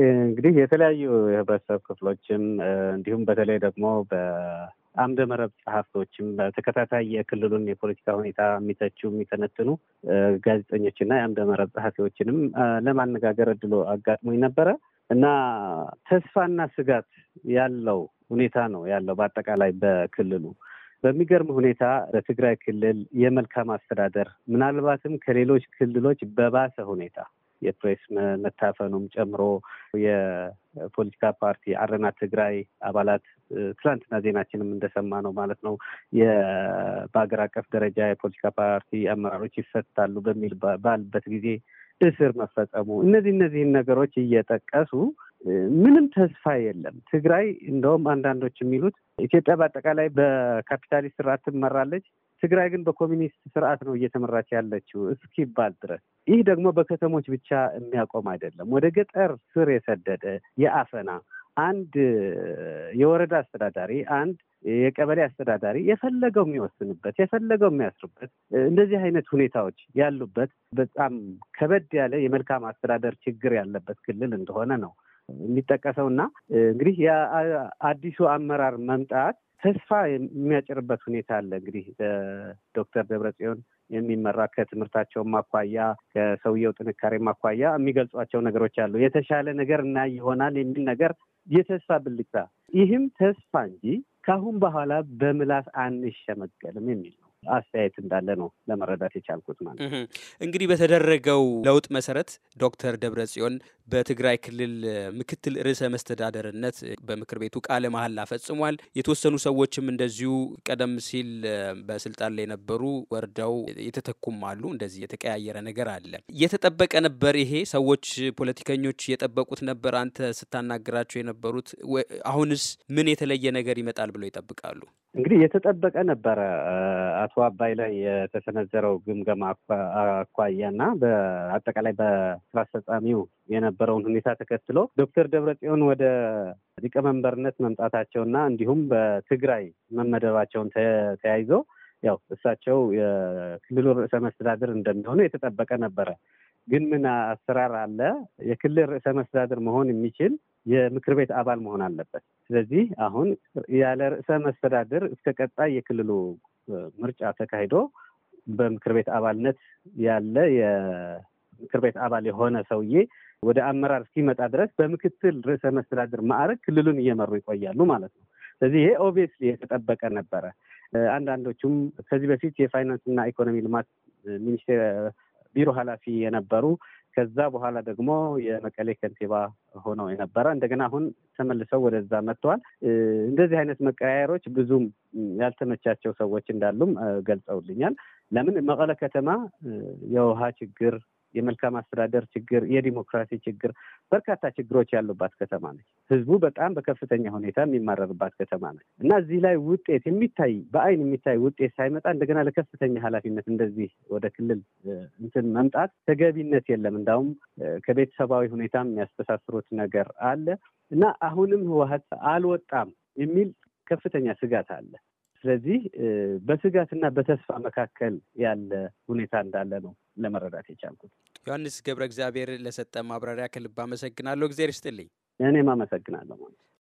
እንግዲህ የተለያዩ የህብረተሰብ ክፍሎችም እንዲሁም በተለይ ደግሞ በአምደ መረብ ጸሐፍቶችም በተከታታይ የክልሉን የፖለቲካ ሁኔታ የሚተቹ የሚተነትኑ ጋዜጠኞችና የአምደ መረብ ጸሐፊዎችንም ለማነጋገር እድሎ አጋጥሞኝ ነበረ እና ተስፋና ስጋት ያለው ሁኔታ ነው ያለው በአጠቃላይ በክልሉ በሚገርም ሁኔታ በትግራይ ክልል የመልካም አስተዳደር ምናልባትም ከሌሎች ክልሎች በባሰ ሁኔታ የፕሬስ መታፈኑም ጨምሮ የፖለቲካ ፓርቲ አረና ትግራይ አባላት ትላንትና ዜናችንም እንደሰማ ነው ማለት ነው በሀገር አቀፍ ደረጃ የፖለቲካ ፓርቲ አመራሮች ይፈታሉ በሚል ባልበት ጊዜ እስር መፈጸሙ እነዚህ እነዚህን ነገሮች እየጠቀሱ ምንም ተስፋ የለም። ትግራይ እንደውም አንዳንዶች የሚሉት ኢትዮጵያ በአጠቃላይ በካፒታሊስት ስርዓት ትመራለች፣ ትግራይ ግን በኮሚኒስት ስርዓት ነው እየተመራች ያለችው እስኪባል ድረስ ይህ ደግሞ በከተሞች ብቻ የሚያቆም አይደለም። ወደ ገጠር ስር የሰደደ የአፈና አንድ የወረዳ አስተዳዳሪ አንድ የቀበሌ አስተዳዳሪ የፈለገው የሚወስንበት የፈለገው የሚያስሩበት እንደዚህ አይነት ሁኔታዎች ያሉበት በጣም ከበድ ያለ የመልካም አስተዳደር ችግር ያለበት ክልል እንደሆነ ነው የሚጠቀሰው እና እንግዲህ የአዲሱ አመራር መምጣት ተስፋ የሚያጭርበት ሁኔታ አለ። እንግዲህ ዶክተር ደብረጽዮን የሚመራ ከትምህርታቸው አኳያ ከሰውየው ጥንካሬ አኳያ የሚገልጿቸው ነገሮች አሉ። የተሻለ ነገር እና ይሆናል የሚል ነገር የተስፋ ብልጭታ፣ ይህም ተስፋ እንጂ ከአሁን በኋላ በምላስ አንሸመገልም የሚል ነው። አስተያየት እንዳለ ነው ለመረዳት የቻልኩት። ማለት እንግዲህ በተደረገው ለውጥ መሰረት ዶክተር ደብረ ጽዮን በትግራይ ክልል ምክትል ርዕሰ መስተዳደርነት በምክር ቤቱ ቃለ መሐላ ፈጽሟል። የተወሰኑ ሰዎችም እንደዚሁ ቀደም ሲል በስልጣን ላይ የነበሩ ወርደው የተተኩም አሉ። እንደዚህ የተቀያየረ ነገር አለ። የተጠበቀ ነበር ይሄ? ሰዎች ፖለቲከኞች የጠበቁት ነበር? አንተ ስታናግራቸው የነበሩት አሁንስ ምን የተለየ ነገር ይመጣል ብለው ይጠብቃሉ? እንግዲህ የተጠበቀ ነበረ አቶ አባይ ላይ የተሰነዘረው ግምገማ አኳያና በአጠቃላይ በስራ አስፈጻሚው የነበረውን ሁኔታ ተከትሎ ዶክተር ደብረጽዮን ወደ ሊቀመንበርነት መምጣታቸውና እንዲሁም በትግራይ መመደባቸውን ተያይዞ ያው እሳቸው የክልሉ ርዕሰ መስተዳድር እንደሚሆኑ የተጠበቀ ነበረ። ግን ምን አሰራር አለ? የክልል ርዕሰ መስተዳድር መሆን የሚችል የምክር ቤት አባል መሆን አለበት። ስለዚህ አሁን ያለ ርዕሰ መስተዳድር እስከ ቀጣይ የክልሉ ምርጫ ተካሂዶ በምክር ቤት አባልነት ያለ የምክር ቤት አባል የሆነ ሰውዬ ወደ አመራር እስኪመጣ ድረስ በምክትል ርዕሰ መስተዳድር ማዕረግ ክልሉን እየመሩ ይቆያሉ ማለት ነው። ስለዚህ ይሄ ኦብቪየስሊ የተጠበቀ ነበረ። አንዳንዶቹም ከዚህ በፊት የፋይናንስና ኢኮኖሚ ልማት ሚኒስቴር ቢሮ ኃላፊ የነበሩ ከዛ በኋላ ደግሞ የመቀሌ ከንቲባ ሆነው የነበረ እንደገና አሁን ተመልሰው ወደዛ መጥተዋል። እንደዚህ አይነት መቀያየሮች ብዙም ያልተመቻቸው ሰዎች እንዳሉም ገልጸውልኛል። ለምን መቀለ ከተማ የውሃ ችግር የመልካም አስተዳደር ችግር፣ የዲሞክራሲ ችግር፣ በርካታ ችግሮች ያሉባት ከተማ ነች። ህዝቡ በጣም በከፍተኛ ሁኔታ የሚማረርባት ከተማ ነች እና እዚህ ላይ ውጤት የሚታይ በአይን የሚታይ ውጤት ሳይመጣ እንደገና ለከፍተኛ ኃላፊነት እንደዚህ ወደ ክልል እንትን መምጣት ተገቢነት የለም። እንዳውም ከቤተሰባዊ ሁኔታም የሚያስተሳስሩት ነገር አለ እና አሁንም ህወሀት አልወጣም የሚል ከፍተኛ ስጋት አለ። ስለዚህ በስጋትና በተስፋ መካከል ያለ ሁኔታ እንዳለ ነው ለመረዳት የቻልኩት። ዮሐንስ ገብረ እግዚአብሔር ለሰጠ ማብራሪያ ከልብ አመሰግናለሁ። እግዚአብሔር ይስጥልኝ። እኔም አመሰግናለሁ ማለት